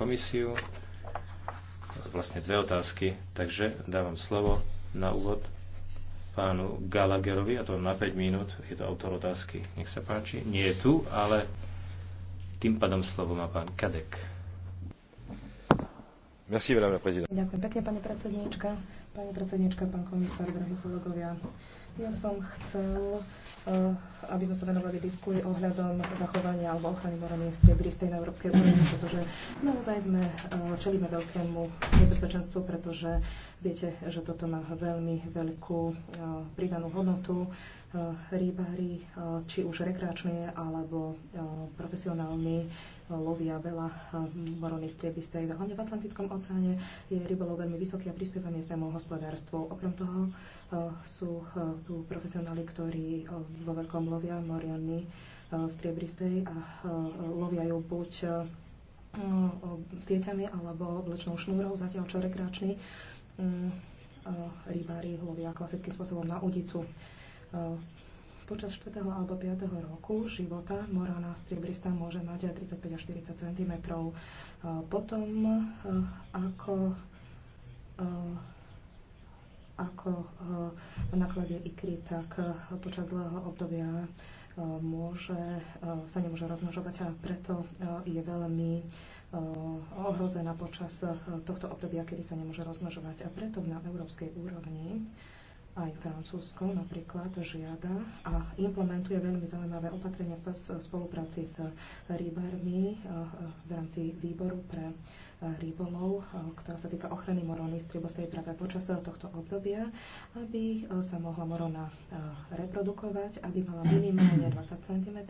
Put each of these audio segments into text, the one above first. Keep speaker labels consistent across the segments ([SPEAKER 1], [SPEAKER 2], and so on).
[SPEAKER 1] komisiu. Vlastne dve otázky, takže dávam slovo na úvod pánu Gallagherovi, a to na 5 minút, je to autor otázky. Nech sa páči. Nie je tu, ale tým pádom slovo má pán Kadek.
[SPEAKER 2] Ďakujem pekne, pani predsedníčka. Pani predsedníčka, pán komisár, drahí kolegovia. Ja som chcel, eh, aby sme sa venovali diskuji ohľadom zachovania alebo ochrany morálnych v na Európskej únii, pretože naozaj sme eh, čelíme veľkému nebezpečenstvu, pretože viete, že toto má veľmi veľkú eh, pridanú hodnotu Eh, rybári, eh, či už rekreační alebo eh, profesionálni, lovia veľa morony striebistej. Hlavne v Atlantickom oceáne je rybolov veľmi vysoký a prispieva miestnemu hospodárstvu. Okrem toho sú tu profesionáli, ktorí vo veľkom lovia moriony striebistej a lovia ju buď sieťami alebo vlečnou šnúrou, zatiaľ čo rekreační mm, rybári lovia klasickým spôsobom na udicu. Eh, počas 4. alebo 5. roku života morana striebrista môže mať aj 35 až 40 cm. Eh, potom, eh, ako ako naklade ikry, tak počas dlhého obdobia môže, sa nemôže rozmnožovať a preto je veľmi ohrozená počas tohto obdobia, kedy sa nemôže rozmnožovať. A preto na európskej úrovni aj Francúzsko napríklad žiada a implementuje veľmi zaujímavé opatrenia v spolupráci s rybármi eh, eh, v rámci výboru pre rybolov, ktorá sa týka ochrany morony stribostej práve počas tohto obdobia, aby e, sa mohla morona e, reprodukovať, aby mala minimálne 20 cm a e,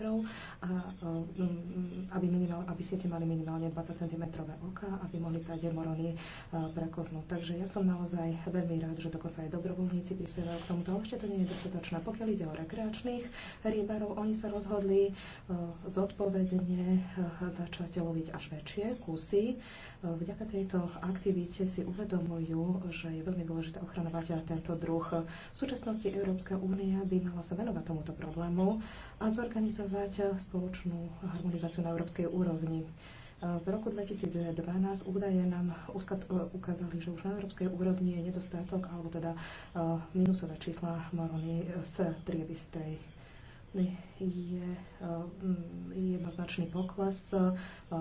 [SPEAKER 2] no, mm, aby, minimál, aby siete mali minimálne 20 cm oka, aby mohli tie morony prekoznúť. Takže ja som naozaj veľmi rád, že dokonca aj dobrovoľníci prispievajú k tomuto. Ešte to nie je dostatočné. Pokiaľ ide o rekreačných rybárov, oni sa rozhodli zodpovedne začať loviť až väčšie kusy Vďaka tejto aktivite si uvedomujú, že je veľmi dôležité ochranovať tento druh. V súčasnosti Európska únia by mala sa venovať tomuto problému a zorganizovať spoločnú harmonizáciu na európskej úrovni. V roku 2012 údaje nám ukázali, že už na európskej úrovni je nedostatok, alebo teda eh, minusové čísla Morony z triebistej je eh, mm, jednoznačný pokles eh,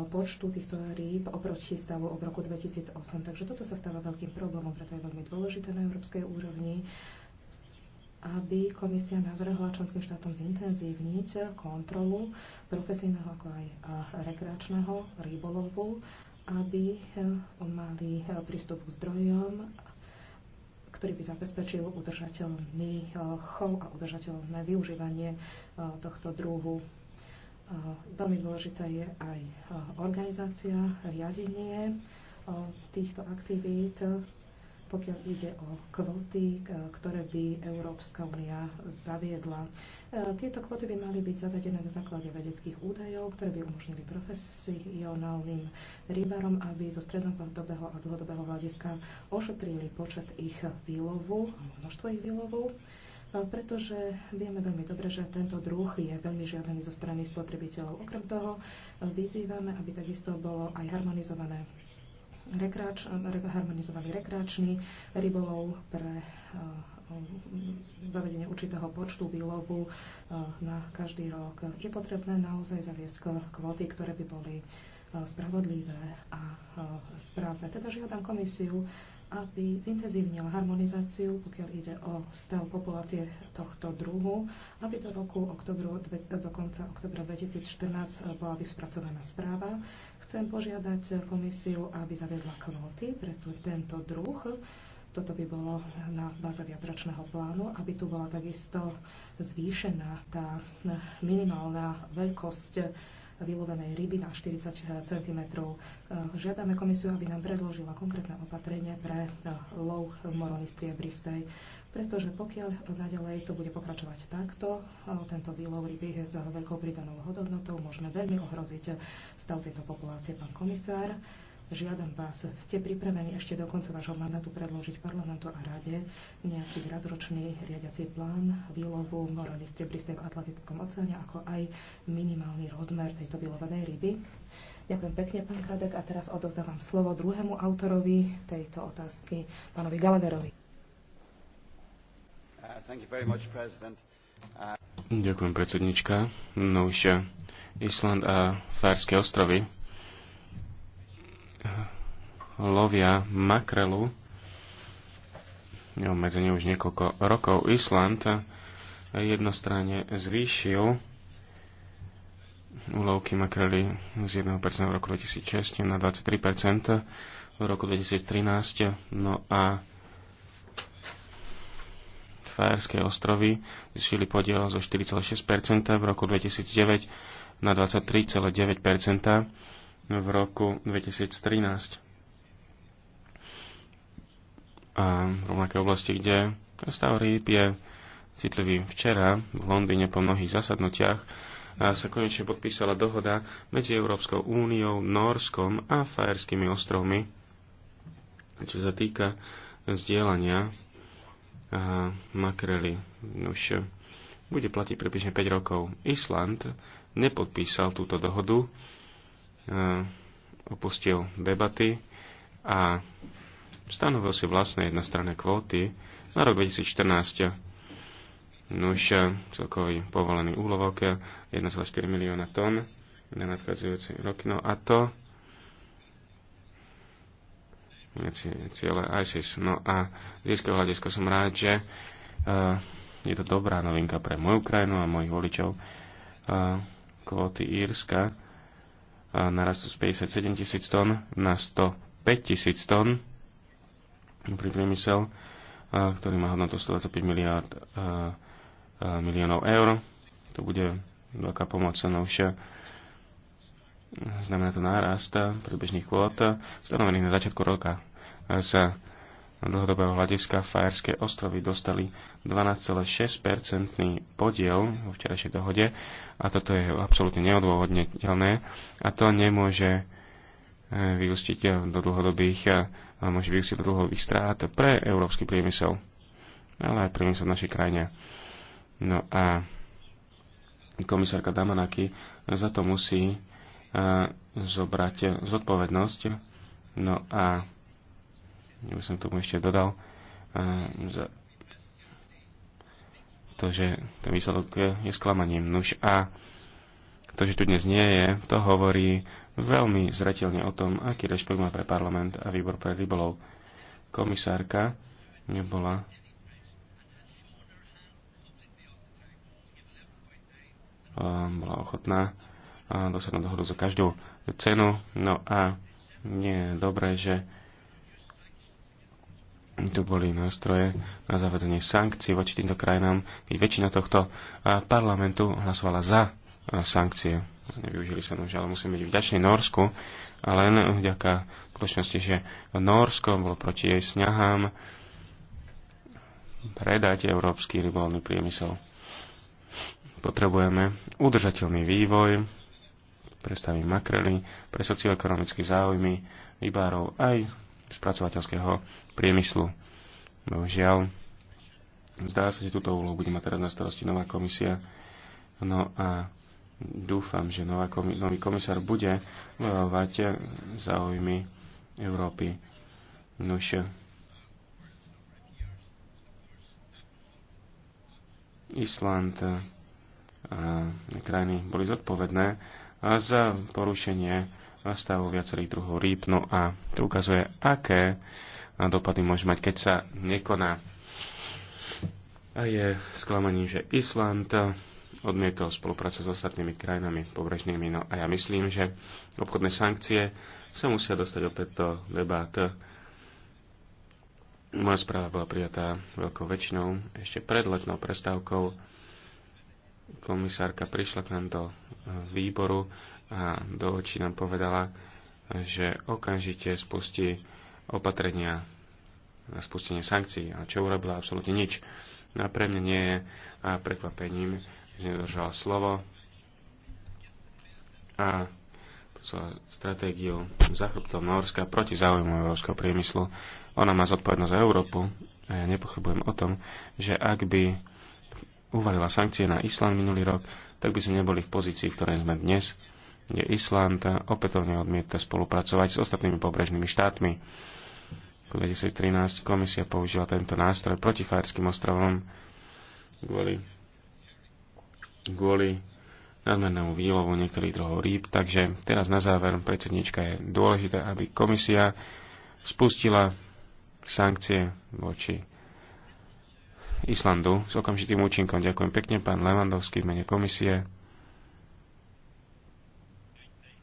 [SPEAKER 2] počtu týchto rýb oproti stavu od roku 2008. Takže toto sa stáva veľkým problémom, preto je veľmi dôležité na európskej úrovni aby komisia navrhla členským štátom zintenzívniť kontrolu profesijného ako aj eh, rekreačného rybolovu, aby mali prístup k zdrojom ktorý by zabezpečil udržateľný eh, chov a udržateľné využívanie eh, tohto druhu. Eh, veľmi dôležitá je aj organizácia, riadenie týchto aktivít, pokiaľ ide o kvóty, e, ktoré by Európska únia zaviedla. E, tieto kvóty by mali byť zavedené na základe vedeckých údajov, ktoré by umožnili profesionálnym rybárom, aby zo strednodobého a dlhodobého hľadiska ošetrili počet ich výlovu, množstvo ich výlovu e, pretože vieme veľmi dobre, že tento druh je veľmi žiadaný zo strany spotrebiteľov. Okrem toho vyzývame, aby takisto bolo aj harmonizované rekreač, harmonizovali rekreačný rybolov pre eh, mm, zavedenie určitého počtu výlovu eh, na každý rok. Je potrebné naozaj zaviesť kvóty, ktoré by boli eh, spravodlivé a správne. Teda žiadam komisiu, aby zintenzívnil harmonizáciu, pokiaľ ide o stav populácie tohto druhu, aby do roku oktobru, do konca oktobra 2014 bola vyspracovaná správa. Chcem požiadať komisiu, aby zaviedla kvóty pre tento druh. Toto by bolo na báze viacročného plánu, aby tu bola takisto zvýšená tá minimálna veľkosť vylovenej ryby na 40 eh, cm. Eh, žiadame komisiu, aby nám predložila konkrétne opatrenie pre eh, lov morony striebristej, pretože pokiaľ naďalej to bude pokračovať takto, tento výlov ryby s veľkou pridanou hodnotou môžeme veľmi ohroziť stav tejto populácie. Pán komisár, Žiadam vás, ste pripravení ešte do konca vášho mandátu predložiť parlamentu a rade nejaký viacročný riadiací plán výlovu morovy striebristej v Atlantickom oceáne, ako aj minimálny rozmer tejto vylovenej ryby? Ďakujem pekne, pán Kadek, a teraz odozdávam slovo druhému autorovi tejto otázky, pánovi Gallagherovi.
[SPEAKER 3] Uh, uh, Ďakujem, predsednička. No už uh, Island a Fárske ostrovy lovia makrelu. Obmedzenie už niekoľko rokov. Island jednostranne zvýšil úlovky makrely z 1% v roku 2006 na 23% v roku 2013. No a Fajerské ostrovy zvýšili podiel zo 4,6% v roku 2009 na 23,9% v roku 2013 a rovnaké oblasti, kde stav rýb je citlivý. Včera v Londýne po mnohých zasadnutiach sa konečne podpísala dohoda medzi Európskou úniou, Norskom a Fajerskými ostrovmi, čo sa týka zdieľania makrely. Už bude platiť približne 5 rokov. Island nepodpísal túto dohodu, opustil debaty a stanovil si vlastné jednostranné kvóty na rok 2014. Nuž eh, celkový povolený úlovok 1,4 milióna tón na nadchádzajúci rok. No a to cieľe ISIS. No a z írskeho hľadiska som rád, že uh, je to dobrá novinka pre moju krajinu a mojich voličov. Uh, kvóty Írska uh, narastú z 57 tisíc tón na 105 tisíc tón pre priemysel, ktorý má hodnotu 125 miliard, miliónov eur. To bude veľká pomoc novšia. Znamená to nárast predbežných kvót stanovených na začiatku roka sa dlhodobého hľadiska Fajerské ostrovy dostali 126 podiel vo včerajšej dohode a toto je absolútne neodôvodniteľné, a to nemôže vyústiť do dlhodobých, môže vyústiť do dlhodobých strát pre európsky priemysel, ale aj priemysel v našej krajine. No a komisárka Damanaki za to musí e, zobrať zodpovednosť. No a ja by som tomu ešte dodal, e, za to, že ten výsledok je sklamaním. Nuž a to, že tu dnes nie je, to hovorí veľmi zretelne o tom, aký rešpekt má pre parlament a výbor pre rybolov. Komisárka nebola ehm, bola ochotná dosiahnuť dohodu za každú cenu. No a nie je dobré, že tu boli nástroje na zavedzenie sankcií voči týmto krajinám, keď väčšina tohto parlamentu hlasovala za sankcie nevyužili sa nož, ale musím byť vďačný Norsku, a len vďaka skutočnosti, že Norsko bolo proti jej snahám predať európsky rybolný priemysel. Potrebujeme udržateľný vývoj, predstavím makrely, pre socioekonomické záujmy rybárov aj spracovateľského priemyslu. Bohužiaľ, zdá sa, že túto úlohu bude mať teraz na starosti nová komisia. No a Dúfam, že nová, nový komisár bude bojovať záujmy Európy. Nuž. Island a krajiny boli zodpovedné za porušenie stavu viacerých druhov rýb. No a to ukazuje, aké dopady môže mať, keď sa nekoná. A je sklamaním, že Island odmietol spoluprácu s ostatnými krajinami pobrežnými. No a ja myslím, že obchodné sankcie sa musia dostať opäť do debát. Moja správa bola prijatá veľkou väčšinou. Ešte pred letnou prestávkou komisárka prišla k nám do e, výboru a do očí nám povedala, že okamžite spustí opatrenia na spustenie sankcií. A čo urobila? Absolútne nič. No a pre mňa nie je prekvapením, nedržala slovo a stratégiu za chrbtom Norska proti záujmu európskeho priemyslu. Ona má zodpovednosť za Európu a ja nepochybujem o tom, že ak by uvalila sankcie na Island minulý rok, tak by sme neboli v pozícii, v ktorej sme dnes, kde Island opätovne odmieta spolupracovať s ostatnými pobrežnými štátmi. V 2013 komisia použila tento nástroj proti Fárským ostrovom kvôli kvôli nadmernému výlovu niektorých druhov rýb. Takže teraz na záver predsednička je dôležité, aby komisia spustila sankcie voči Islandu s okamžitým účinkom. Ďakujem pekne, pán Levandovský, v mene komisie.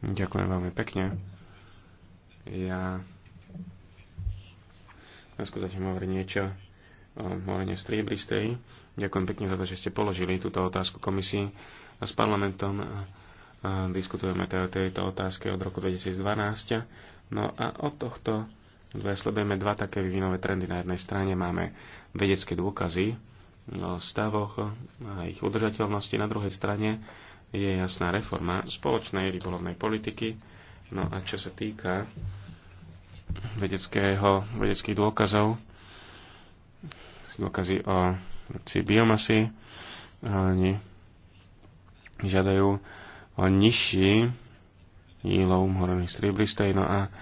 [SPEAKER 3] Ďakujem veľmi pekne. Ja... Naskutočne hovorí niečo Morene Striebristej. Ďakujem pekne za to, že ste položili túto otázku komisii a s parlamentom. Diskutujeme teda o tejto otázke od roku 2012. No a od tohto dve sledujeme dva také vývinové trendy. Na jednej strane máme vedecké dôkazy o stavoch a ich udržateľnosti. Na druhej strane je jasná reforma spoločnej rybolovnej politiky. No a čo sa týka vedeckého, vedeckých dôkazov, dôkazy o produkcii biomasy. oni žiadajú o nižší jílov horných striblistej. No a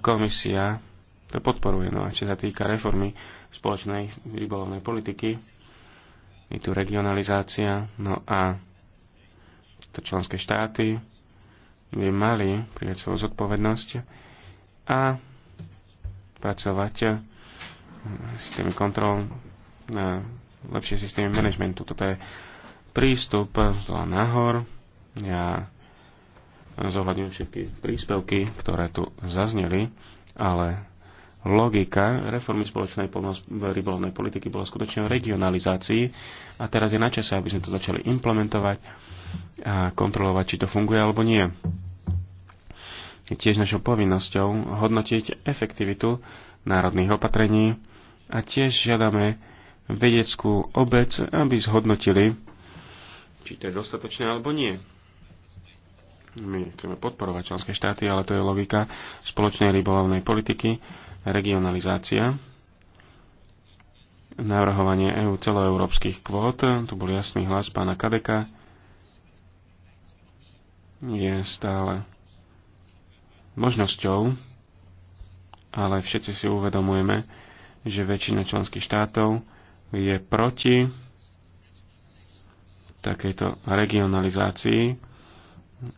[SPEAKER 3] komisia to podporuje. No a čo sa týka reformy spoločnej rybolovnej politiky, je tu regionalizácia, no a to členské štáty by mali prijať svoju zodpovednosť a pracovať systémy kontrol, na lepšie systémy manažmentu. Toto je prístup z nahor. Ja zohľadňujem všetky príspevky, ktoré tu zazneli, ale logika reformy spoločnej rybolovnej politiky bola skutočne o regionalizácii a teraz je na čase, aby sme to začali implementovať a kontrolovať, či to funguje alebo nie. Je tiež našou povinnosťou hodnotiť efektivitu národných opatrení a tiež žiadame vedeckú obec, aby zhodnotili, či to je dostatočné alebo nie. My chceme podporovať členské štáty, ale to je logika spoločnej rybolovnej politiky, regionalizácia, navrhovanie EU celoeurópskych kvót, tu bol jasný hlas pána Kadeka, je stále možnosťou, ale všetci si uvedomujeme, že väčšina členských štátov je proti takejto regionalizácii.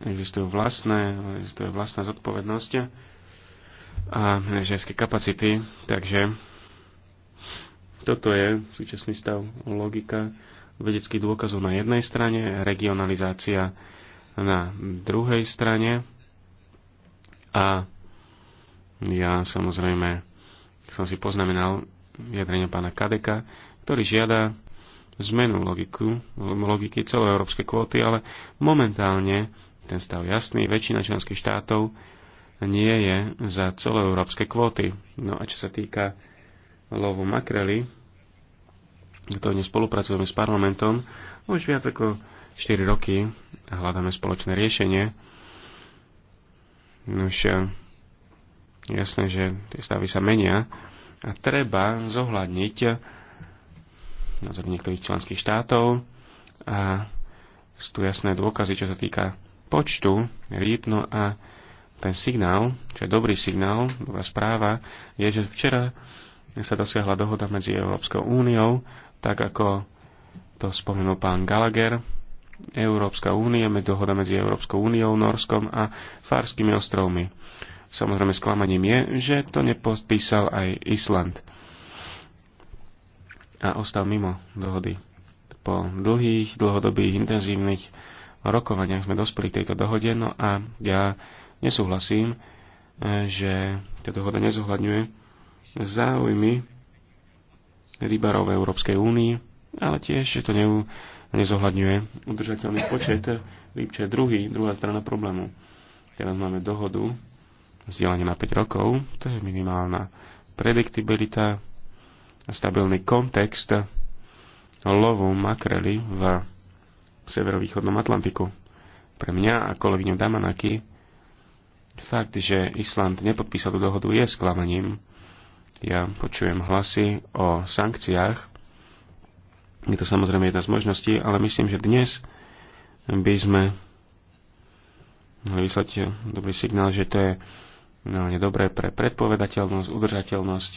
[SPEAKER 3] Existujú vlastné, existuje vlastná zodpovednosť a ženské kapacity, takže toto je súčasný stav logika vedeckých dôkazov na jednej strane, regionalizácia na druhej strane a ja samozrejme som si poznamenal vyjadrenie pána Kadeka, ktorý žiada zmenu logiku, logiky celoeurópske kvóty, ale momentálne ten stav jasný, väčšina členských štátov nie je za celoeurópske kvóty. No a čo sa týka lovu makrely, dnes spolupracujeme s parlamentom, už viac ako 4 roky a hľadáme spoločné riešenie. Už Jasné, že tie stavy sa menia a treba zohľadniť názor niektorých členských štátov a sú tu jasné dôkazy, čo sa týka počtu rýb, no a ten signál, čo je dobrý signál, dobrá správa, je, že včera sa dosiahla dohoda medzi Európskou úniou, tak ako to spomenul pán Gallagher, Európska únia, dohoda medzi Európskou úniou, Norskom a Farskými ostrovmi. Samozrejme sklamaním je, že to nepodpísal aj Island a ostal mimo dohody. Po dlhých, dlhodobých, intenzívnych rokovaniach sme dospeli k tejto dohode, no a ja nesúhlasím, e, že tá dohoda nezohľadňuje záujmy rybarov v Európskej únii, ale tiež to ne, nezohľadňuje udržateľný počet rybče druhý, druhá strana problému. Teraz máme dohodu vzdelanie na 5 rokov, to je minimálna prediktibilita a stabilný kontext lovu makrely v severovýchodnom Atlantiku. Pre mňa a kolegyňu Damanaki fakt, že Island nepodpísal tú dohodu je sklamaním. Ja počujem hlasy o sankciách. Je to samozrejme jedna z možností, ale myslím, že dnes by sme mali vyslať dobrý signál, že to je no, je dobré pre predpovedateľnosť, udržateľnosť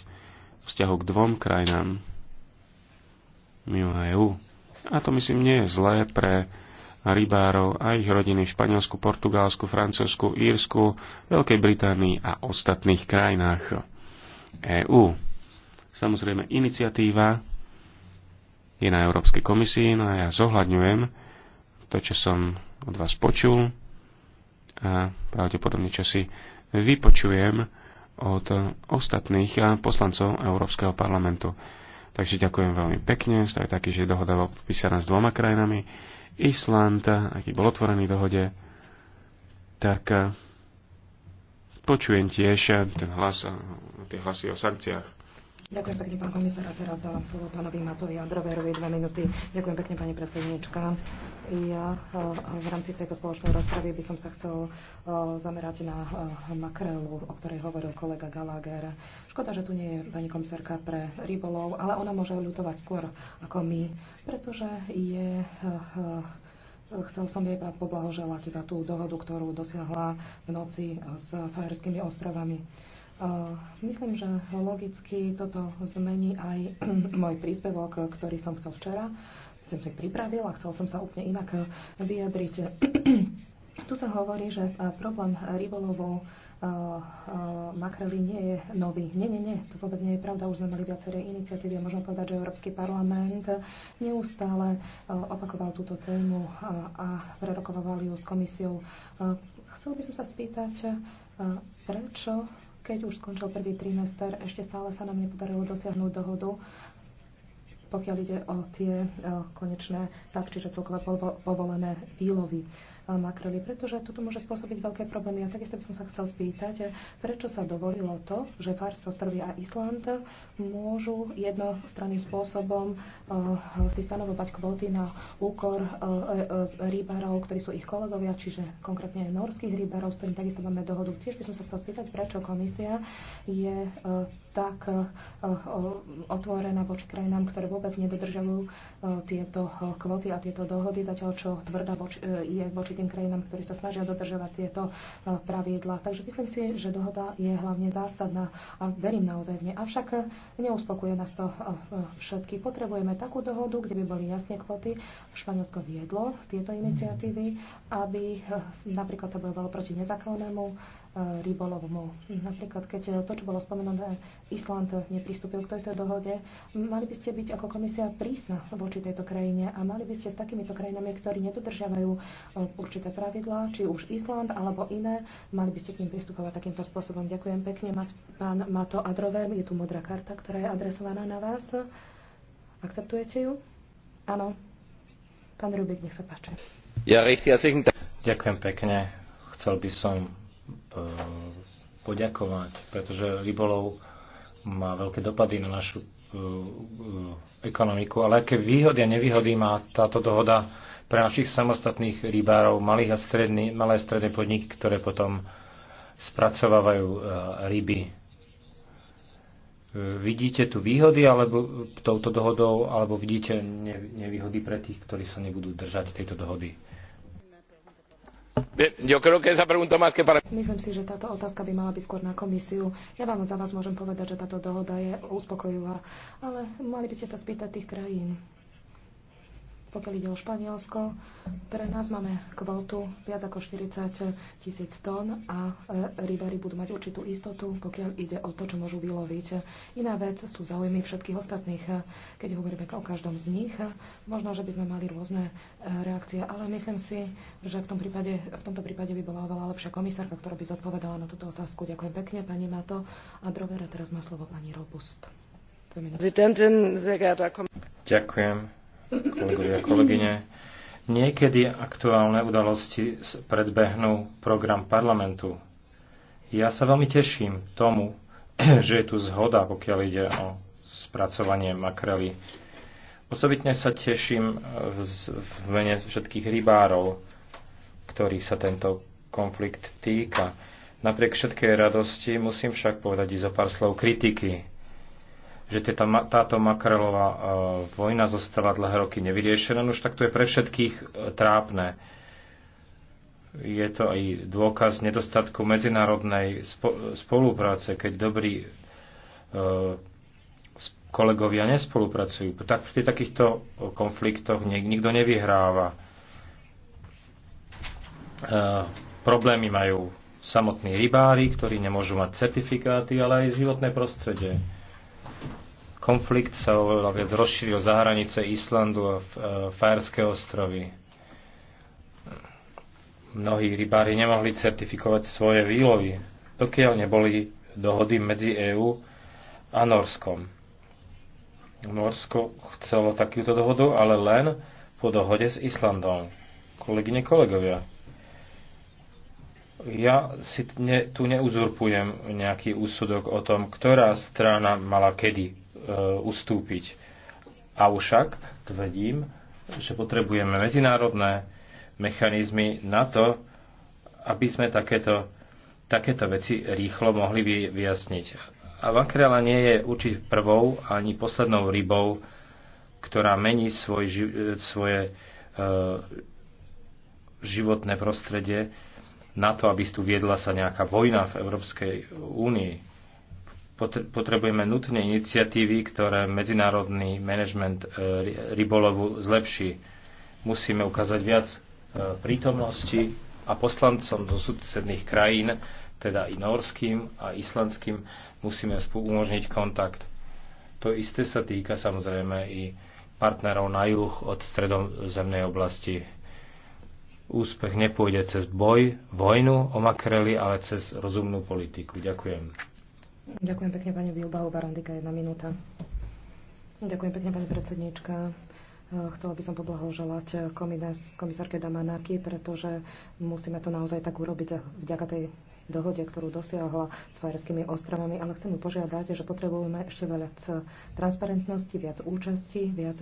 [SPEAKER 3] vzťahu k dvom krajinám mimo EÚ. A to myslím nie je zlé pre rybárov a ich rodiny v Španielsku, Portugalsku, Francúzsku, Írsku, Veľkej Británii a ostatných krajinách EÚ. Samozrejme, iniciatíva je na Európskej komisii, no a ja zohľadňujem to, čo som od vás počul a pravdepodobne, čo si vypočujem od ostatných poslancov Európskeho parlamentu. Takže ďakujem veľmi pekne. Stav je taký, že dohoda bola podpísaná s dvoma krajinami. Island, aký bol otvorený dohode, tak eh, počujem tiež ten hlas, eh, tie hlasy o sankciách.
[SPEAKER 2] Ďakujem pekne, pán komisár. A teraz dávam slovo pánovi Matovi Androverovi dve minúty. Ďakujem pekne, pani predsednička. Ja eh, v rámci tejto spoločnej rozpravy by som sa chcel eh, zamerať na eh, makrelu, o ktorej hovoril kolega Gallagher. Škoda, že tu nie je pani komisárka pre rybolov, ale ona môže ľutovať skôr ako my, pretože je Chcel som jej poblahoželať za tú dohodu, ktorú dosiahla v noci s Fajerskými ostrovami. Eh, myslím, že logicky toto zmení aj môj príspevok, eh, ktorý som chcel včera. Som si pripravil a chcel som sa úplne inak eh, vyjadriť. Tu sa hovorí, že problém rybolovov makrely nie je nový. Nie, nie, nie, to vôbec nie je pravda. Už sme mali viaceré iniciatívy. môžem povedať, že Európsky parlament neustále opakoval túto tému a prerokoval ju s komisiou. Chcel by som sa spýtať, prečo keď už skončil prvý trimester, ešte stále sa nám nepodarilo dosiahnuť dohodu, pokiaľ ide o tie e, konečné tak, čiže celkové povolené výlovy makrely, pretože toto môže spôsobiť veľké problémy. A takisto by som sa chcel spýtať, prečo sa dovolilo to, že Farské ostrovy a Island môžu jednostranným spôsobom eh, si stanovovať kvóty na úkor eh, rybárov, ktorí sú ich kolegovia, čiže konkrétne norských rybárov, s ktorým takisto máme dohodu. Tiež by som sa chcel spýtať, prečo komisia je eh, tak eh, eh, otvorená voči krajinám, ktoré vôbec nedodržajú eh, tieto kvóty a tieto dohody, zatiaľ čo tvrdá je voči tým krajinám, ktorí sa snažia dodržovať tieto pravidlá. Takže myslím si, že dohoda je hlavne zásadná a verím naozaj v ne. Avšak neuspokuje nás to všetky. Potrebujeme takú dohodu, kde by boli jasne kvóty. Španielsko viedlo tieto iniciatívy, aby napríklad sa bojovalo proti nezákonnému Eh, rybolovu. Mhm. Napríklad, keď eh, to, čo bolo spomenané, Island nepristúpil k tejto dohode, mali by ste byť ako komisia prísna voči tejto krajine a mali by ste s takýmito krajinami, ktorí nedodržiavajú eh, určité pravidlá, či už Island alebo iné, mali by ste k ním pristupovať takýmto spôsobom. Ďakujem pekne, pán Mato Adrover, je tu modrá karta, ktorá je adresovaná na vás. Akceptujete ju? Áno. Pán Rubik, nech sa páči.
[SPEAKER 1] Ja, Ďakujem pekne. Chcel by som E, poďakovať, pretože rybolov má veľké dopady na našu e, e, ekonomiku, ale aké výhody a nevýhody má táto dohoda pre našich samostatných rybárov, malých a stredný, malé a stredné podniky, ktoré potom spracovávajú ryby. Vidíte tu výhody alebo touto dohodou, alebo vidíte nevýhody pre tých, ktorí sa nebudú držať tejto dohody?
[SPEAKER 2] Myslím si, že táto otázka by mala byť skôr na komisiu. Ja vám za vás môžem povedať, že táto dohoda je uspokojivá, ale mali by ste sa spýtať tých krajín, pokiaľ ide o Španielsko, pre nás máme kvotu viac ako 40 tisíc tón a e, rybári budú mať určitú istotu, pokiaľ ide o to, čo môžu vyloviť. Iná vec sú záujmy všetkých ostatných. Keď hovoríme o každom z nich, možno, že by sme mali rôzne e, reakcie, ale myslím si, že v, tom prípade, v tomto prípade by bola oveľa lepšia komisárka, ktorá by zodpovedala na túto otázku. Ďakujem pekne, pani Mato. A Drovera teraz má slovo pani Robust. Ďakujem kolegovia a kolegyne.
[SPEAKER 1] Niekedy aktuálne udalosti predbehnú program parlamentu. Ja sa veľmi teším tomu, že je tu zhoda, pokiaľ ide o spracovanie makrely. Osobitne sa teším v mene všetkých rybárov, ktorých sa tento konflikt týka. Napriek všetkej radosti musím však povedať i zo pár slov kritiky že tieto, táto makrelová e, vojna zostáva dlhé roky nevyriešená, no už tak to je pre všetkých e, trápne. Je to aj dôkaz nedostatku medzinárodnej spolupráce, keď dobrí e, kolegovia nespolupracujú. Tak pri takýchto konfliktoch nikto nevyhráva. Problémy majú samotní rybári, ktorí nemôžu mať certifikáty, ale aj životné prostredie Konflikt sa oveľa viac rozšíril za hranice Islandu a Fajerské ostrovy. Mnohí rybári nemohli certifikovať svoje výlovy, dokiaľ neboli dohody medzi EÚ a Norskom. Norsko chcelo takúto dohodu, ale len po dohode s Islandom. Kolegyne, kolegovia, ja si ne, tu neuzurpujem nejaký úsudok o tom, ktorá strana mala kedy E, ustúpiť. Avšak tvrdím, že potrebujeme medzinárodné mechanizmy na to, aby sme takéto, takéto veci rýchlo mohli vyjasniť. A Vankrela nie je určite prvou ani poslednou rybou, ktorá mení svoj, e, svoje e, životné prostredie na to, aby tu viedla sa nejaká vojna v Európskej únii potrebujeme nutné iniciatívy, ktoré medzinárodný manažment e, rybolovu zlepší. Musíme ukázať viac e, prítomnosti a poslancom zo susedných krajín, teda i norským a islandským, musíme umožniť kontakt. To isté sa týka samozrejme i partnerov na juh od stredozemnej oblasti. Úspech nepôjde cez boj, vojnu o makreli, ale cez rozumnú politiku. Ďakujem.
[SPEAKER 2] Ďakujem pekne, pani Bilbao Barandika, jedna minúta. Ďakujem pekne, pani predsedníčka. Eh, chcela by som poblahoželať komisárke Damanáky, pretože musíme to naozaj tak urobiť vďaka tej dohode, ktorú dosiahla s Fajerskými ostrovami, ale chcem ju požiadať, že potrebujeme ešte viac transparentnosti, viac účasti, viac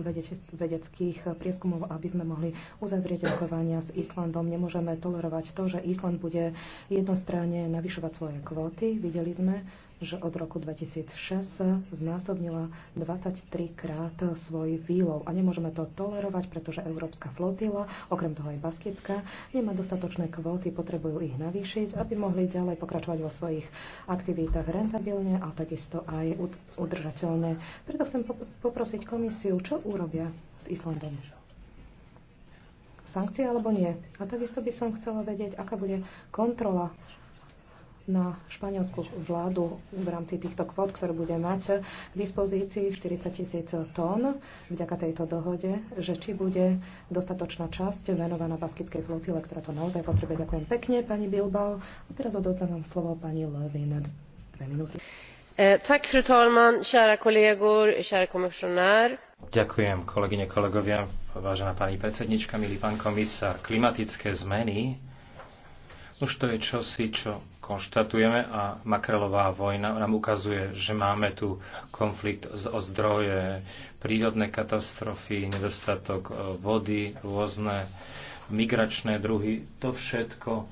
[SPEAKER 2] vedeckých prieskumov, aby sme mohli uzavrieť rokovania s Islandom. Nemôžeme tolerovať to, že Island bude jednostranne navyšovať svoje kvóty. Videli sme, že od roku 2006 znásobnila 23 krát svoj výlov. A nemôžeme to tolerovať, pretože európska flotila, okrem toho aj baskická, nemá dostatočné kvóty, potrebujú ich navýšiť, aby mohli ďalej pokračovať vo svojich aktivitách rentabilne a takisto aj udržateľné. Preto chcem poprosiť komisiu, čo urobia s Islandom sankcie alebo nie. A takisto by som chcela vedieť, aká bude kontrola na španielskú vládu v rámci týchto kvót, ktoré bude mať k dispozícii 40 tisíc tón vďaka tejto dohode, že či bude dostatočná časť venovaná baskickej flotile, ktorá to naozaj potrebuje. Ďakujem pekne, pani Bilbao. A teraz odozdávam slovo pani Levin dve minúty.
[SPEAKER 3] E, tak, fru talman, šára kolegor, šára komisionár.
[SPEAKER 1] Ďakujem, kolegyne, kolegovia, vážená pani predsednička, milý pán komisár. Klimatické zmeny, už to je čosi, čo konštatujeme a makrelová vojna nám ukazuje, že máme tu konflikt o zdroje, prírodné katastrofy, nedostatok e, vody, rôzne migračné druhy. To všetko e,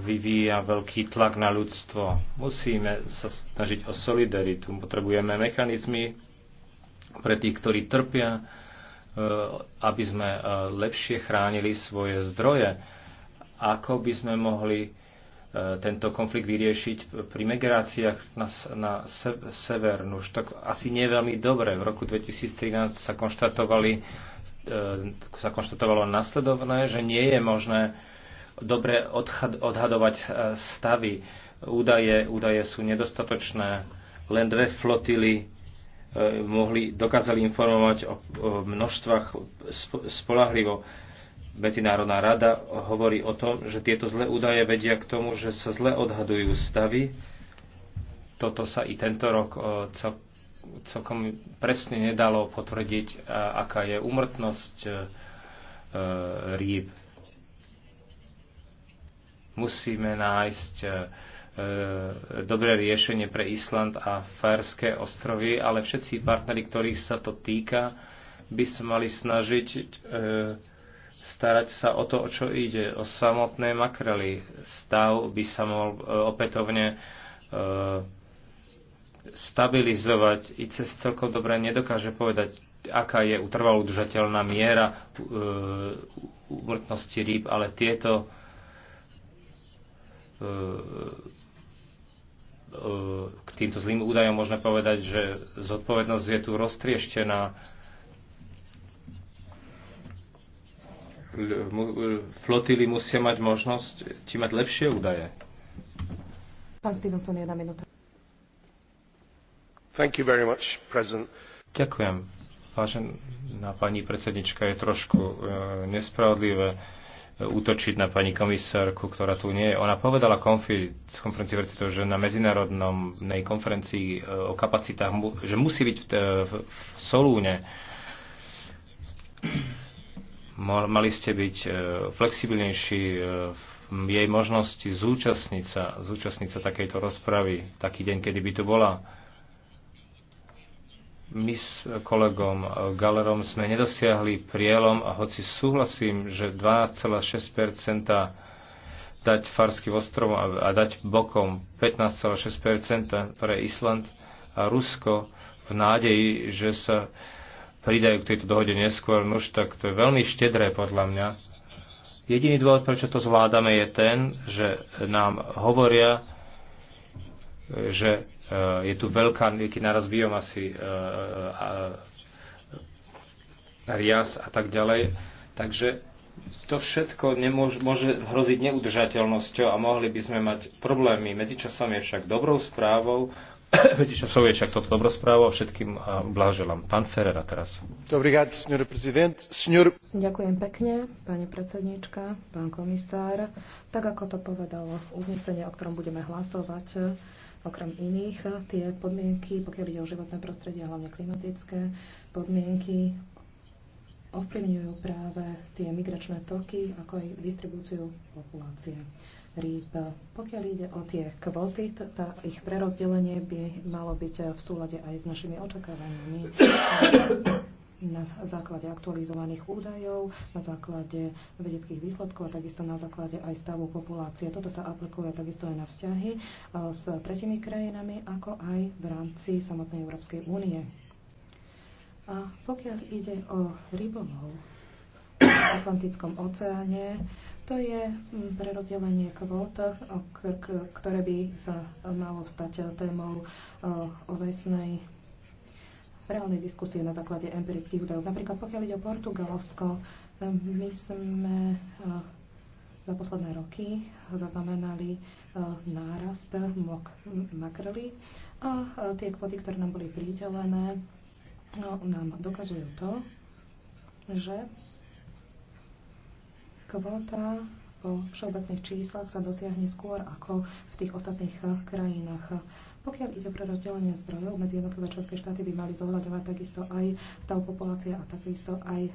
[SPEAKER 1] vyvíja veľký tlak na ľudstvo. Musíme sa snažiť o solidaritu. Potrebujeme mechanizmy pre tých, ktorí trpia, e, aby sme lepšie chránili svoje zdroje. Ako by sme mohli tento konflikt vyriešiť pri migráciách na, na sever. No už tak asi nie veľmi dobre. V roku 2013 sa, konštatovali, e, sa konštatovalo nasledovné, že nie je možné dobre odhadovať e, stavy. Údaje, údaje sú nedostatočné. Len dve flotily e, mohli, dokázali informovať o, o množstvách spolahlivo Medzinárodná rada hovorí o tom, že tieto zlé údaje vedia k tomu, že sa zle odhadujú stavy. Toto sa i tento rok e, celkom presne nedalo potvrdiť, e, aká je umrtnosť e, rýb. Musíme nájsť dobré riešenie pre Island a Fajerské ostrovy, ale všetci partneri, ktorých sa to týka, by sa mali snažiť starať sa o to, o čo ide, o samotné makrely. Stav by sa mohol e, opätovne e, stabilizovať. i cez celkom dobre nedokáže povedať, aká je utrvalo udržateľná miera e, úmrtnosti rýb, ale tieto k týmto zlým údajom možno povedať, že zodpovednosť je tu roztrieštená flotily musia mať možnosť ti mať lepšie údaje.
[SPEAKER 2] Pán Stevenson, jedna minúta. Thank you very much, President.
[SPEAKER 1] Ďakujem. Vážená pani predsednička, je trošku e, nespravodlivé e, útočiť na pani komisárku, ktorá tu nie je. Ona povedala konfi- z konferencii vercitov, že na medzinárodnej konferencii e, o kapacitách, mu- že musí byť v, v, v Solúne. Mali ste byť e, flexibilnejší e, v jej možnosti zúčastniť sa, zúčastniť sa takejto rozpravy, taký deň, kedy by tu bola. My s kolegom Galerom sme nedosiahli prielom a hoci súhlasím, že 12,6 dať Farsky ostrovom a, a dať bokom 15,6 pre Island a Rusko v nádeji, že sa pridajú k tejto dohode neskôr, nuž tak to je veľmi štedré podľa mňa. Jediný dôvod, prečo to zvládame, je ten, že nám hovoria, že e, je tu veľká, nejaký naraz biomasy, e, e, rias a tak ďalej. Takže to všetko nemôž, môže hroziť neudržateľnosťou a mohli by sme mať problémy. Medzičasom je však dobrou správou, čo som však toto dobro správo a všetkým blahoželám. Pán Ferrera teraz. Dobrý
[SPEAKER 2] Ďakujem pekne, pani predsedníčka, pán komisár. Tak ako to povedalo uznesenie, o ktorom budeme hlasovať, okrem iných, tie podmienky, pokiaľ ide o životné prostredie, hlavne klimatické podmienky, ovplyvňujú práve tie migračné toky, ako aj distribúciu populácie rýb. E, pokiaľ ide o tie kvoty, tá ich prerozdelenie by malo byť e, v súlade aj s našimi očakávaniami na základe aktualizovaných údajov, na základe vedeckých výsledkov a takisto na základe aj stavu populácie. Toto sa aplikuje takisto aj na vzťahy e, s tretimi krajinami, ako aj v rámci samotnej Európskej únie. A pokiaľ ide o rybolov, Atlantickom oceáne. To je mm, prerozdelenie kvót, ktoré by sa malo stať témou ozajstnej reálnej diskusie na základe empirických údajov. Napríklad pokiaľ ide o Portugalsko, mm, my sme za posledné roky zaznamenali nárast mm, makrely a tie kvóty, ktoré nám boli pridelené, nám dokazujú to, že Kvota vo všeobecných číslach sa dosiahne skôr ako v tých ostatných eh, krajinách. Pokiaľ ide pre rozdelenie zdrojov medzi jednotlivé členské štáty, by mali zohľadovať takisto aj stav populácie a takisto aj eh,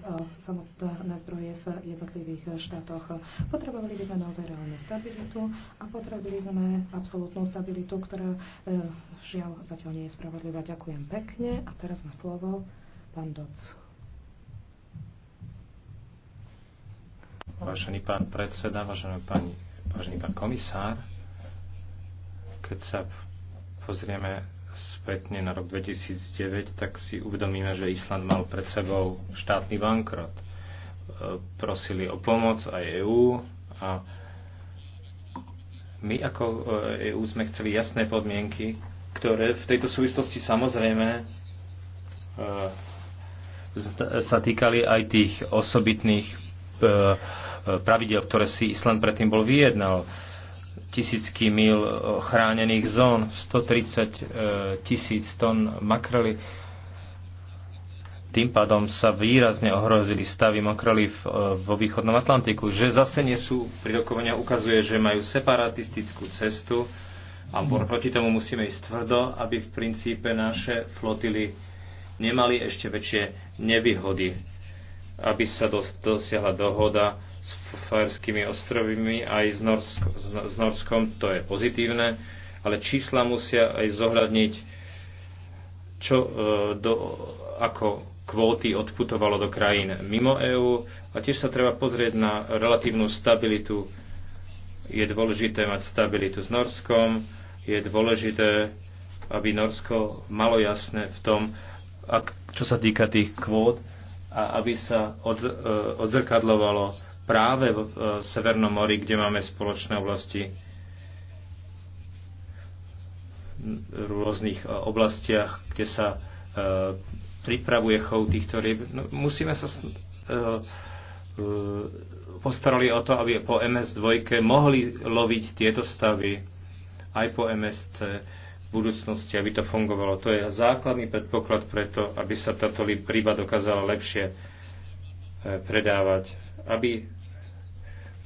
[SPEAKER 2] samotné zdroje v jednotlivých eh, štátoch. Potrebovali by sme naozaj reálnu stabilitu a potrebovali sme absolútnu stabilitu, ktorá žiaľ zatiaľ nie je spravodlivá. Ďakujem pekne a teraz má slovo pán Doc.
[SPEAKER 1] Vážený pán predseda, vážený, pani, vážený pán komisár, keď sa pozrieme spätne na rok 2009, tak si uvedomíme, že Island mal pred sebou štátny bankrot. Prosili o pomoc aj EÚ a my ako EÚ e sme chceli jasné podmienky, ktoré v tejto súvislosti samozrejme e, sa týkali aj tých osobitných E, pravidel, ktoré si Island predtým bol vyjednal. Tisícky mil e, chránených zón, 130 e, tisíc tón makrely. Tým pádom sa výrazne ohrozili stavy makrely vo východnom Atlantiku. Že zase nie sú prirokovania ukazuje, že majú separatistickú cestu a mhm. proti tomu musíme ísť tvrdo, aby v princípe naše flotily nemali ešte väčšie nevýhody aby sa dosiahla dohoda s Fajerskými ostrovmi aj s, Norsk, s Norskom, to je pozitívne, ale čísla musia aj zohľadniť, čo, e, do, ako kvóty odputovalo do krajín mimo EÚ a tiež sa treba pozrieť na relatívnu stabilitu. Je dôležité mať stabilitu s Norskom, je dôležité, aby Norsko malo jasné v tom, ak, čo sa týka tých kvót, a aby sa od, e, odzrkadlovalo práve v e, Severnom mori, kde máme spoločné oblasti v rôznych e, oblastiach, kde sa pripravuje chov týchto ryb. No, musíme sa postarali o to, aby po MS2 mohli loviť tieto stavy aj po MSC budúcnosti, aby to fungovalo. To je základný predpoklad preto, aby sa táto príba dokázala lepšie e, predávať, aby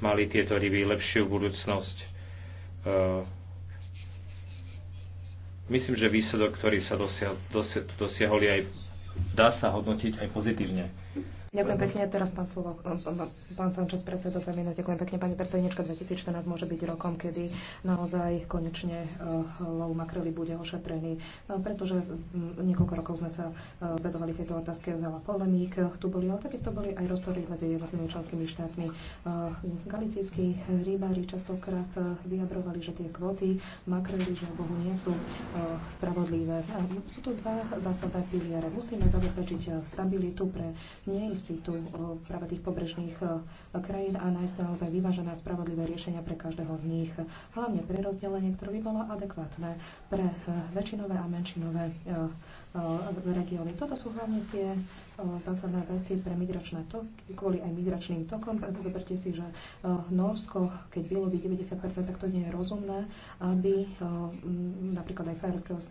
[SPEAKER 1] mali tieto ryby lepšiu budúcnosť. E, myslím, že výsledok, ktorý sa dosiahol, dosiahol aj, dá sa hodnotiť aj pozitívne.
[SPEAKER 2] Ďakujem pekne. Teraz pán, Slovo, pán Sanchez, predseda Femina. Ďakujem pekne, pani predsednička. 2014 môže byť rokom, kedy naozaj konečne eh, lov makrely bude ošetrený, no, pretože hm, niekoľko rokov sme sa eh, vedovali tejto otázke, veľa polemík eh, tu boli, ale takisto boli aj rozpory medzi jednotlivými členskými štátmi. Galicijskí rybári častokrát vyjadrovali, že tie kvóty makrely, že Bohu nie sú spravodlivé. Sú to dva zásadné piliere. Musíme zabezpečiť stabilitu pre neistú diverzitu eh, práve tých pobrežných eh, krajín a nájsť naozaj vyvážené a spravodlivé riešenia pre každého z nich. Hlavne pre rozdelenie, ktoré by bolo adekvátne pre eh, väčšinové a menšinové E, regióny. Toto sú hlavne tie e, zásadné veci pre migračné toky, kvôli aj migračným tokom. Zoberte si, že e, Norsko, keď bylo by 90%, tak to nie je rozumné, aby napríklad aj Fajerského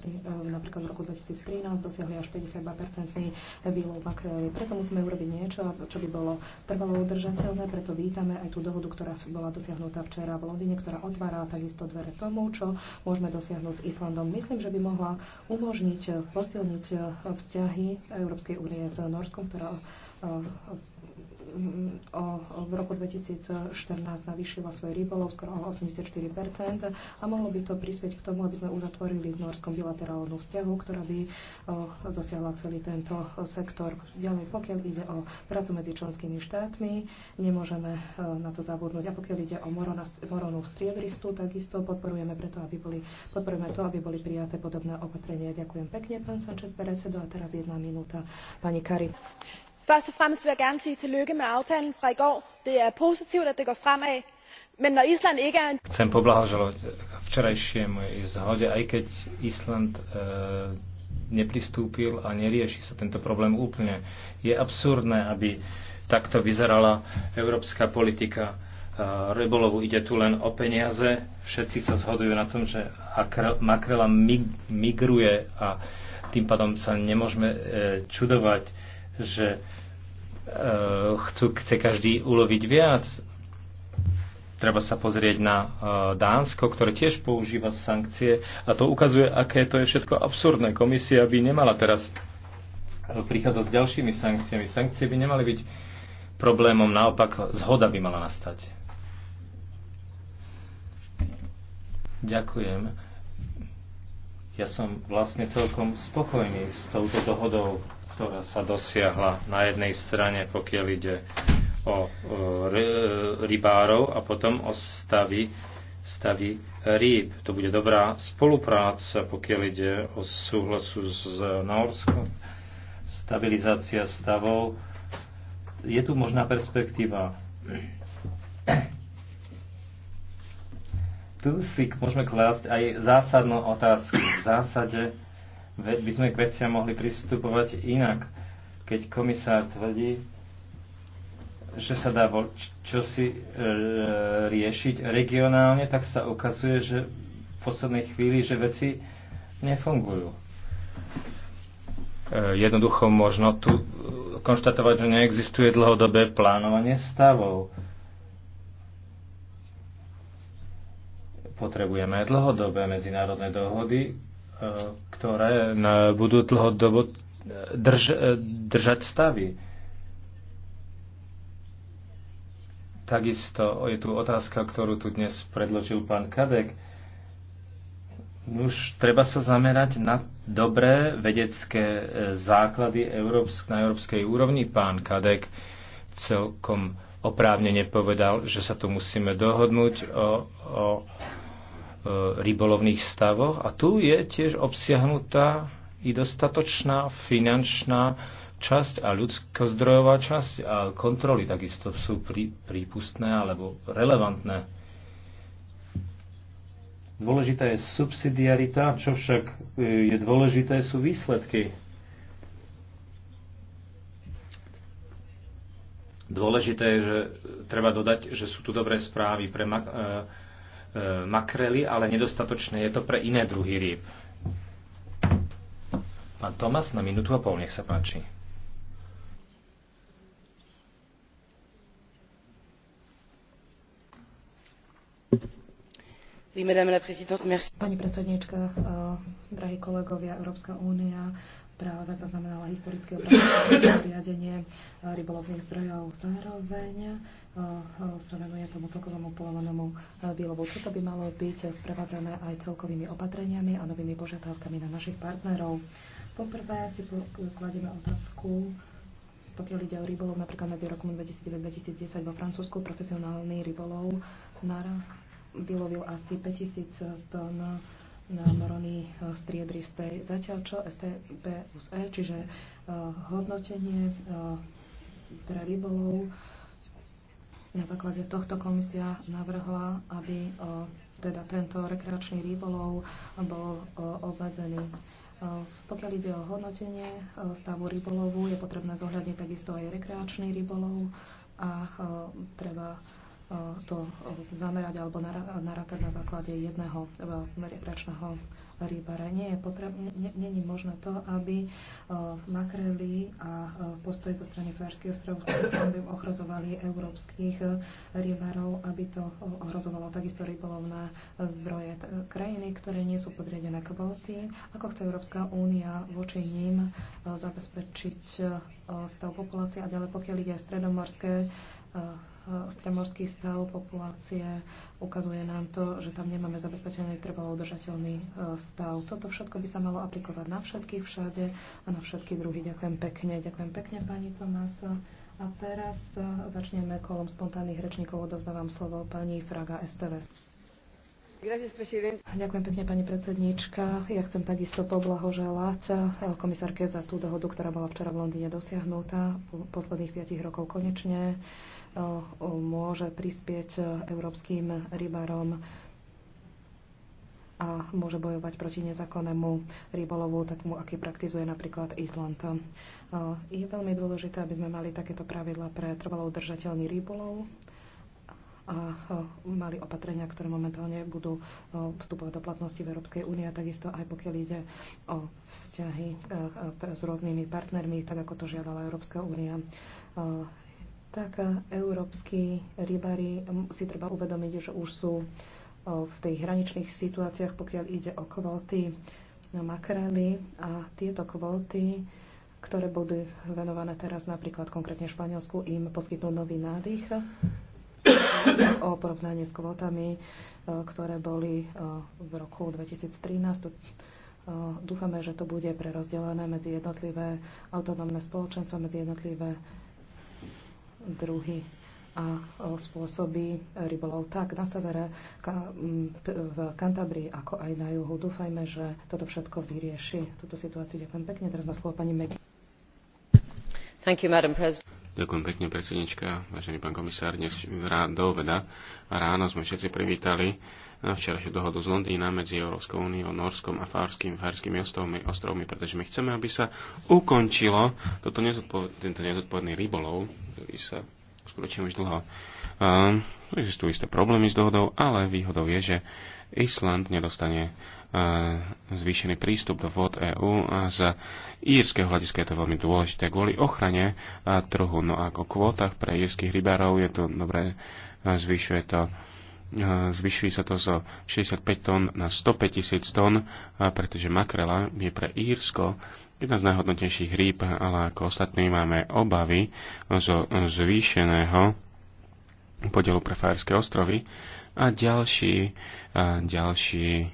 [SPEAKER 2] napríklad v roku 2013 dosiahli až 52-percentný výlov makrely. Preto musíme urobiť niečo, čo by bolo trvalo udržateľné, preto vítame aj tú dohodu, ktorá bola dosiahnutá včera v Londýne, ktorá otvára takisto dvere tomu, čo môžeme dosiahnuť s Islandom. Myslím, že by mohla umožniť posilniť posilniť vzťahy Európskej únie s Norskom, ktorá v roku 2014 navýšila svoj rybolov skoro o 84 a mohlo by to prispieť k tomu, aby sme uzatvorili s Norskom bilaterálnu vzťahu, ktorá by zasiahla celý tento sektor. Ďalej, pokiaľ ide o prácu medzi členskými štátmi, nemôžeme na to zabudnúť. A pokiaľ ide o moronú striebristu, takisto podporujeme, preto, aby boli, podporujeme to, aby boli prijaté podobné opatrenia. Ďakujem pekne, pán Sanchez Beresedo. A teraz jedna minúta, pani Kari
[SPEAKER 3] først og fremmest vil jeg gerne sige tillykke med aftalen fra i går det er positivt at det går fremad men når Island ikke er en...
[SPEAKER 1] Chcem poblahoželať včerajšiemu zhode, aj keď Island uh, nepristúpil a nerieši sa tento problém úplne. Je absurdné, aby takto vyzerala európska politika Uh, rybolovu. Ide tu len o peniaze. Všetci sa zhodujú na tom, že makrela migruje a tým pádom sa nemôžeme eh, čudovať že e, chcú, chce každý uloviť viac. Treba sa pozrieť na e, Dánsko, ktoré tiež používa sankcie a to ukazuje, aké to je všetko absurdné. Komisia by nemala teraz e, prichádzať s ďalšími sankciami. Sankcie by nemali byť problémom, naopak zhoda by mala nastať. Ďakujem. Ja som vlastne celkom spokojný s touto dohodou ktorá sa dosiahla na jednej strane, pokiaľ ide o rybárov a potom o stavy, stavy rýb. To bude dobrá spolupráca, pokiaľ ide o súhlasu s Norskom, stabilizácia stavov. Je tu možná perspektíva. Tu si môžeme klásť aj zásadnú otázku. V zásade Veď by sme k veciam mohli pristupovať inak, keď komisár tvrdí, že sa dá čosi e, riešiť regionálne, tak sa ukazuje, že v poslednej chvíli, že veci nefungujú. E, jednoducho možno tu e, konštatovať, že neexistuje dlhodobé plánovanie stavov. Potrebujeme dlhodobé medzinárodné dohody, E, ktoré e, budú dlhodobo e, drž, držať stavy. Takisto je tu otázka, ktorú tu dnes predložil pán Kadek. Už treba sa zamerať na dobré vedecké základy európsk, na európskej úrovni. Pán Kadek celkom oprávnene povedal, že sa tu musíme dohodnúť o, o E, rybolovných stavoch a tu je tiež obsiahnutá i dostatočná finančná časť a ľudskozdrojová časť a kontroly takisto sú prí, prípustné alebo relevantné. Dôležitá je subsidiarita, čo však e, je dôležité sú výsledky. Dôležité je, že treba dodať, že sú tu dobré správy pre e, E, makrely, ale nedostatočné je to pre iné druhy rýb. Pán Tomas, na minútu a pol, nech sa páči.
[SPEAKER 2] Pani predsedníčka, eh, drahí kolegovia, Európska únia práve zaznamenala historické riadenie eh, rybolovných zdrojov. Zároveň eh, sa venuje tomu celkovému povolenému výlovu. Toto by malo byť sprevádzané aj celkovými opatreniami a novými požiadavkami na našich partnerov. Poprvé si kladieme otázku, pokiaľ ide o rybolov, napríklad medzi rokom 2009-2010 vo Francúzsku profesionálny rybolov na vylovil asi 5000 tón na morony eh, striebristej. Zatiaľ čo E, čiže eh, hodnotenie eh, teda rybolov, na základe tohto komisia navrhla, aby teda tento rekreačný rybolov bol o, obmedzený. Pokiaľ ide o hodnotenie stavu rybolovu, je potrebné zohľadniť takisto aj rekreačný rybolov a treba to zamerať alebo narátať na základe jedného e, rekreačného rybára. Nie je potrebné, není možné to, aby e, makrely a e, postoje zo strany Fajerských ostrovov ochrozovali európskych rybárov, aby to ohrozovalo takisto rybolovné zdroje krajiny, ktoré nie sú podriadené kvóty. Ako chce Európska únia voči ním zabezpečiť stav populácie a ďalej, pokiaľ ide stredomorské Eh, Stremorsky stav populácie ukazuje nám to, že tam nemáme zabezpečený trvalo udržateľný eh, stav. Toto všetko by sa malo aplikovať na všetkých všade a na všetky druhy. Ďakujem pekne. Ďakujem pekne, pani Tomáso. A teraz eh, začneme kolom spontánnych rečníkov. Odovzdávam slovo pani Fraga STV. Ďakujem pekne, pani predsedníčka. Ja chcem takisto poblahoželať komisárke za tú dohodu, ktorá bola včera v Londýne dosiahnutá po posledných piatich rokov konečne môže prispieť európskym rybarom a môže bojovať proti nezákonnému rybolovu, takému, aký praktizuje napríklad Island. Je veľmi dôležité, aby sme mali takéto pravidla pre trvalo udržateľný rybolov a mali opatrenia, ktoré momentálne budú vstupovať do platnosti v Európskej únie a takisto aj pokiaľ ide o vzťahy e, e, s rôznymi partnermi, tak ako to žiadala Európska únia tak e, európsky rybári e, si treba uvedomiť, že už sú e, v tých hraničných situáciách, pokiaľ ide o kvóty na makrely a tieto kvóty, ktoré budú venované teraz napríklad konkrétne Španielsku, im poskytnú nový nádych o porovnaní s kvótami, ktoré boli v roku 2013. Dúfame, že to bude prerozdelené medzi jednotlivé autonómne spoločenstva, medzi jednotlivé druhy a e, spôsobí rybolov tak na severe v Kantabrii, ako aj na juhu. Dúfajme, že toto všetko vyrieši túto situáciu. Ďakujem pekne. Teraz má slovo pani Meg.
[SPEAKER 3] Ďakujem pekne, predsednička, vážený pán komisár. Dnes rád do obeda ráno sme všetci privítali včerajšiu dohodu z Londýna medzi Európskou úniou, Norskom a Fárským, Fárskými ostrovmi, ostrovmi, pretože my chceme, aby sa ukončilo toto nezodpoved, tento nezodpovedný rybolov, ktorý sa skutočne už dlho. Um, existujú isté problémy s dohodou, ale výhodou je, že Island nedostane uh, zvýšený prístup do vod EÚ a z írskeho hľadiska je to veľmi dôležité kvôli ochrane uh, trhu. No a o kvótach pre írskych rybárov je to dobré, uh, zvyšuje to uh, Eh, zvyšuje sa to zo 65 tón na 105 tisíc tón, eh, pretože makrela je pre Írsko jedna z najhodnotnejších rýb, ale ako ostatní máme obavy zo zvýšeného podielu pre Fajerské ostrovy a ďalší, a eh, ďalší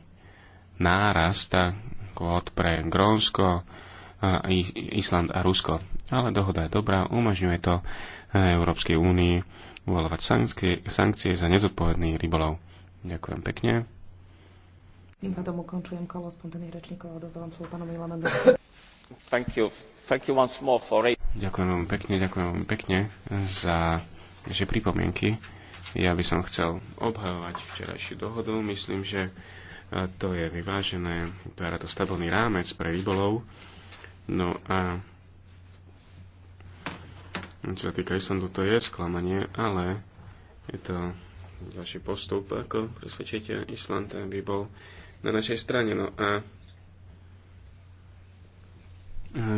[SPEAKER 3] nárast kvót pre Grónsko, Island a Rusko. Ale dohoda je dobrá, umožňuje to Európskej únii uvalovať sankcie, sankcie za nezodpovedný rybolov. Ďakujem pekne.
[SPEAKER 2] Tým pádom ukončujem kolo spontánnych rečníkov a dozdávam slovo pánovi Lamandovskému.
[SPEAKER 3] Thank you. Thank you once more for it. Ďakujem veľmi pekne, ďakujem veľmi pekne za že pripomienky. Ja by som chcel obhajovať včerajšiu dohodu. Myslím, že e, to je vyvážené, to je to stabilný rámec pre rybolov. No a čo sa týka Islandu, to je sklamanie, ale je to ďalší postup, ako presvedčiť Island, aby bol na našej strane. No a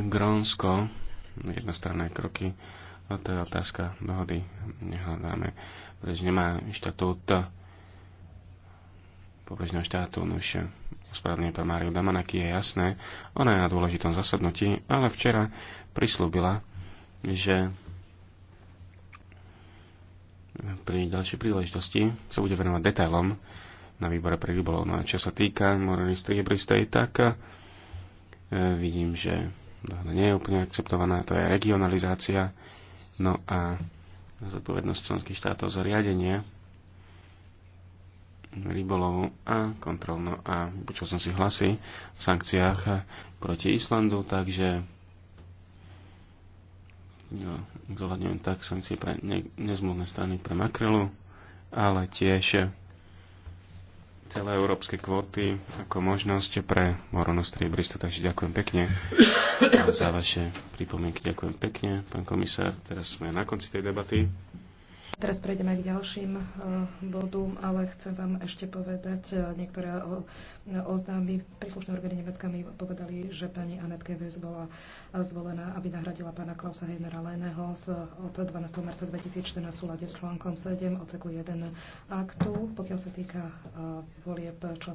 [SPEAKER 3] Grónsko, jednostranné kroky, a to je otázka dohody. Nehľadáme, pretože nemá štatút pobrežného štátu, no už ospravedlňuje pre Máriu Damanaky, je jasné, ona je na dôležitom zasadnutí, ale včera prislúbila, že pri ďalšej príležitosti sa bude venovať detailom na výbore pre rybolov. No a čo sa týka Morony Striebristej, tak e, vidím, že nie je úplne akceptovaná, to je regionalizácia. No a zodpovednosť členských štátov za riadenie rybolovu a kontrolno. A počul som si hlasy v sankciách proti Islandu, takže No, zohľadňujem tak sankcie pre ne- nezmluvné strany pre makrelu, ale tiež celé európske kvóty ako možnosť pre morovno striebristo. Takže ďakujem pekne za vaše pripomienky. Ďakujem pekne, pán komisár. Teraz sme na konci tej debaty.
[SPEAKER 2] Teraz prejdeme k ďalším e, bodom, ale chcem vám ešte povedať e, niektoré e, oznámy. Príslušné orgány Nemecka mi povedali, že pani Anet Keves bola zvolená, aby nahradila pána Klausa Heinera Leného od 12. marca 2014 v súlade s článkom 7 odseku 1 aktu, pokiaľ sa týka volieb členov